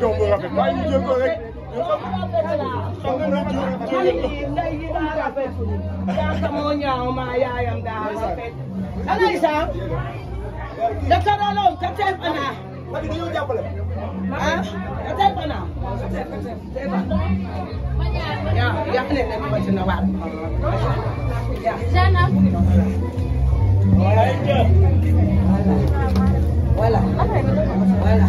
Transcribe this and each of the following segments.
doom bu rafet waaye ñu jël ko rek xam nga nag moo ñaaw ma yaayam daa rafet alaysa dafa daloon ka tey fana ah ka tey fana yaa yaa ne ne ma ci na waat yaa voilà voilà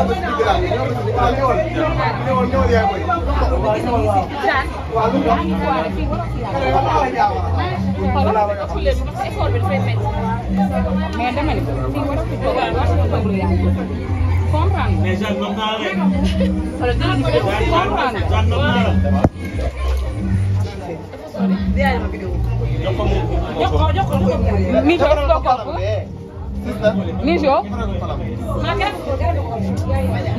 mais dama ne fii war a fi toogaan war a toog lu yàgg comprendre mais je comprends comprendre jox ko jox ko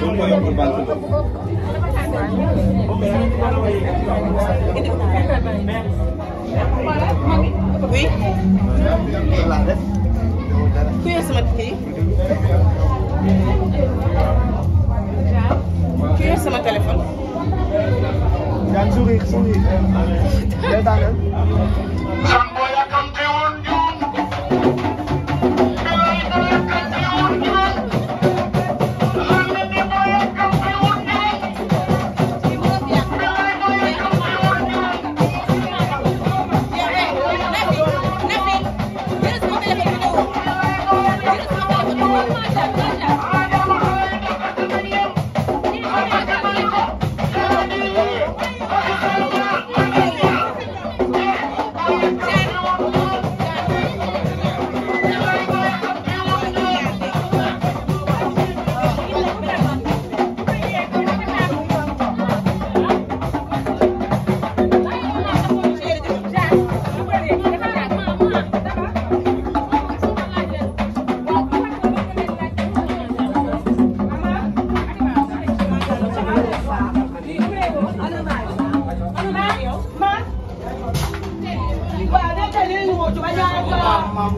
moom mooy yombul baal oui. ku yor sama kii. ku yor sama téléphone. yaa ngi sourire sourire.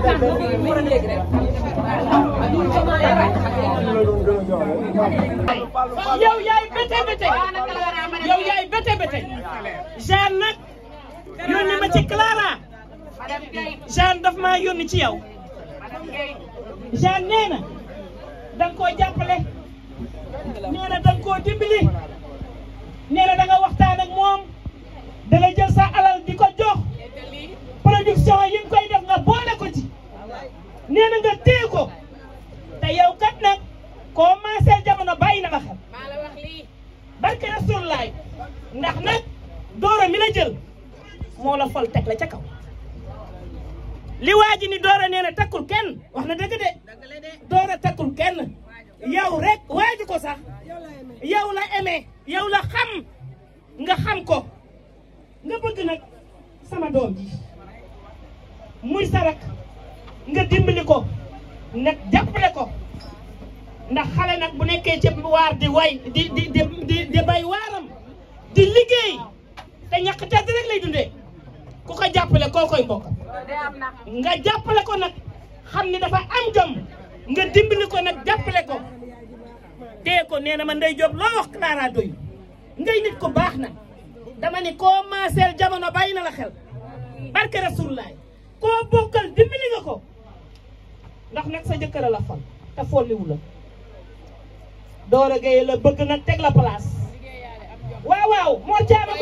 yow yaay bete bete yow yaay bete bete Jeanne nag yónni ma ci Clara Jeanne daf yónni ci yow Jeanne nee na danga koo jàppale nee na danga koo dimbali moom danga jël alal moo la fal teg la ca kaw li waa ji ni Dora nee na takkul kenn wax na dëgg de Dora takkul kenn yow rek waa ko sax yaw la aimé yow la xam nga xam ko nga bëgg nag sama doom ji muy sarak nga dimbali ko nag jàppale ko ndax xale nag bu nekkee ci waar di way di di di bay waaram di liggéey te ñàkk tedd rek lay dundee ku ko jàppale koo koy mbokk nga jàppale ko nag xam ne dafa am jom nga dimbali ko nag jàppale ko tee ko nee na ma ndey Diop loo wax Clara doy ngay nit ko baax na dama ni koo maaseel jamono bàyyi na la xel barke rasulullaay koo bokkal dimbali nga ko ndax nag sa jëkkër a la fal te folliwu la Doro Gaye la bëgg nag teg la place waaw waaw moo caama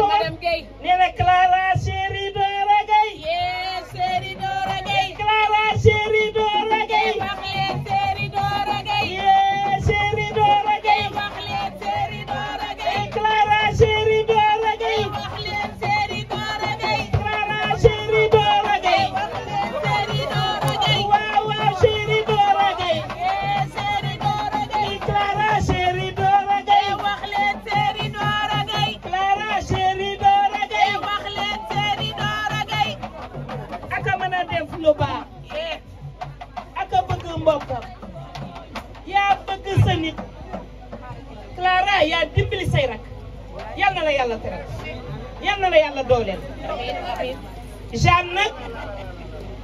yal na la yàlla teral yal na la yàlla dooleel Jeanne nag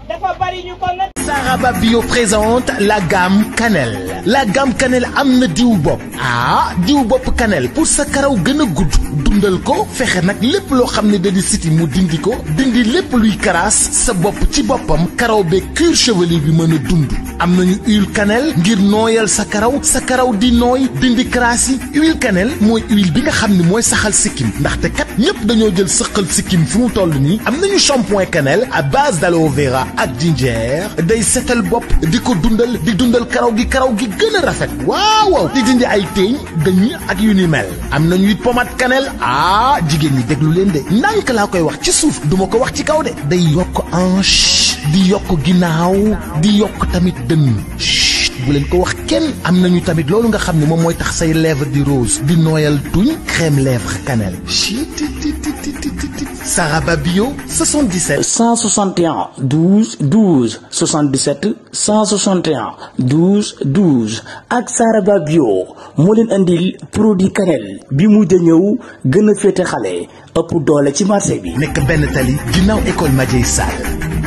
dafa bari ñu ko Saraba Bio présente la gamme cannelle la gamme cannelle am na diw bopp ah diw bopp cannelle pour sa karaw gën a gudd dundal ko fexe nag lépp loo xam ne da siti mu dindi ko dindi lépp luy karaas sa bopp ci boppam karaw be cuir chevelu bi mën a dund am nañu huile cannelle ngir nooyal sa karaw sa karaw di nooy dindi karaas yi huile cannelle mooy huile bi nga xam ne mooy saxal sikkim ndaxte kat ñépp dañoo jël sëqal sikkim fu mu toll nii am nañu shampoing cannelle à base d'aloe vera ak ginger day setal bopp di ko dundal di dundal karaw gi karaw gi gën rafet waaw waaw di dindi ay teeñ dañ ak yu ni mel am na ñuy pomade cannelle ah jigéen ñi déglu leen de ndànk laa koy wax ci suuf duma ko wax ci kaw de day yokk hanche di yokk ginnaaw di yokk tamit dënn bu leen ko wax kenn am nañu tamit loolu nga xam ne moom mooy tax say lèvre di rose di nooyal tuñ crème lèvre cannelle Saraba Bio 77. 161 12 12 77 161 ak Saraba Bio moo leen andil produit cannelle bi mu ñëw gën a féete xale ëpp doole ci marché bi. nekk benn tali ginnaaw école Madiaye Sall.